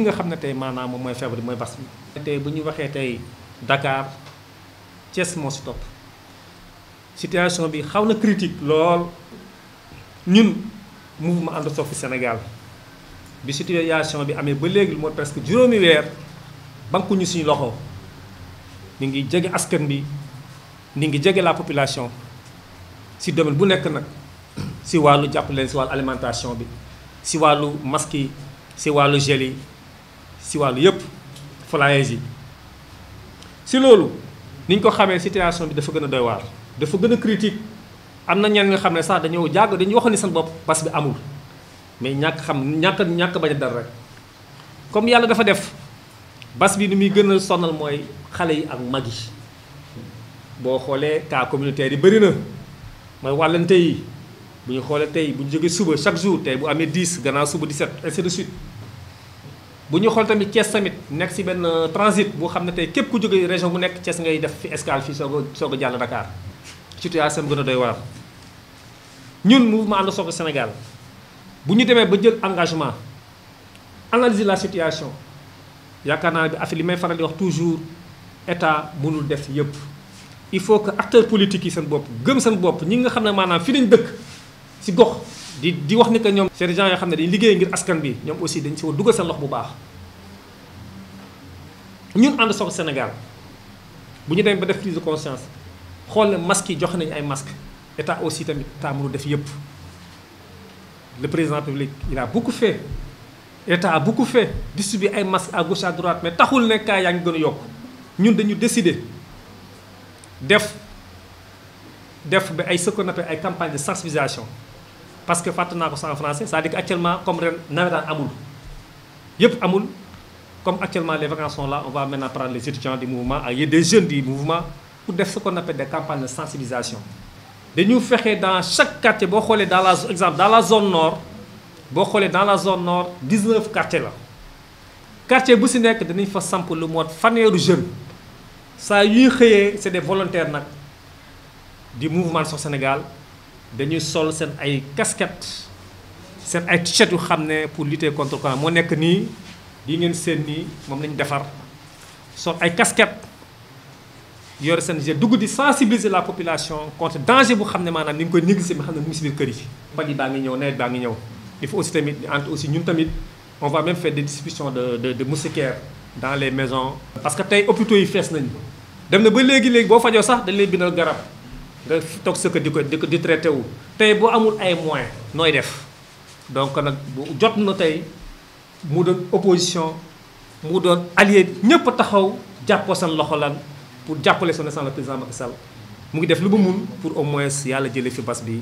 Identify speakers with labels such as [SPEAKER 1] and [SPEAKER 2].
[SPEAKER 1] li nga xam ne tey maanaam moom mooy feebar bi mooy bas bi. tey bu ñu waxee tey dakaar Thiès moo si topp situation bi xaw na critique lool ñun mouvement And Soppi Sénégal bi situation bi amee ba léegi moo presque juróomi weer bankuñu suñu loxo mi ngi jege askan bi ni ngi jege la population si domaine bu nekk nag si wàllu jàpp leen si wàllu alimentation bi si wàllu maski si wàllu gel si wàllu yëpp flyers yi si loolu ni ñu ko xamee situation bi dafa gën a doy waar dafa gën a critique am na ñenn nga xam ne sax dañoo jàgg dañuy wax ni seen bopp parce que amul mais ñàkk xam ñàkk ñàkk bañ a dal rek comme yàlla dafa def bas bi ni muy gën a sonal mooy xale yi ak mag yi boo xoolee cas communautaire yi bëri na mooy wàllante yi bu ñu xoolee tey bu ñu jógee suba chaque jour tey bu amee 10 gannaaw suba 17 et de buñu xol tamit Thiès tamit nek ci ben transit bu xamne tay kep ku joge région bu nek Thiès ngay def fi escale fi sogo sogo jall Dakar situation bu gën a doy war ñun mouvement ànd sogo senegal buñu démé ba jël engagement analyser la situation yakana bi afi limay faral di wax toujours état mënul def yépp il faut que acteurs politiques yi seen bop gëm seen bop ñi nga xamne manam fi dëkk ci gox di di wax ni que ñoom seen gens yoo xam ne dañ liggéey ngir askan bi ñoom aussi dañ si war dugal seen lox bu baax ñun ànd soxla Sénégal bu ñu demee ba def prise de conscience xool ne masques yi joxe nañu ay masques état aussi tamit taamuru def yëpp le président public il a beaucoup fait état a beaucoup fait distribuer ay masques à gauche à droite mais taxul ne yaa ngi gën a yokk ñun dañu désidé def def ba ay ce qu'on ay campagne de sensibilisation parce que Fatana en français c'est-à-dire qu'actuellement, actuellement comme on nawetaan amul Amoul, amul comme actuellement les vacances sont là on va maintenant prendre les étudiants du mouvement il ah, y a des jeunes du mouvement pour faire ce qu'on appelle des campagnes de sensibilisation Nous faisons dans chaque quartier par dans la exemple dans la zone nord dans la zone nord 19 quartiers là. quartier bu nous faisons pour fa samp le mot fanweeru jeune Ça c'est des volontaires du mouvement sur Sénégal dañuy sol seen ay casquette seen ay t yu xam ne pour lutter contre corona moo nekk nii di ngeen seen nii moom lañ defar sol ay casquette yor seen jet dugg di sensibiliser la population contre danger bu xam ne maanaam ni ngi koy négliger ma xam ne mu ngi si biir kër yi paj yi baa ngi ñëw nawet baa ngi ñëw il faut aussi tamit entre aussi ñun tamit on va même faire des distributions de de de moustiquaire dans les maisons parce que tey hôpitaux yi fees nañ dem na ba léegi-léegi boo fajoo sax dañ lay bindal garab nga toog sa kër di ko di ko di traité wu tey boo amul ay moyens nooy def donc nag bu jot na tey mu doon opposition mu doon allié ñëpp taxaw jàppoo seen loxo lan pour jàppale son Excellence le président Macky Sall mu ngi def lu mu mun pour au moins yàlla jëlee fi bas bi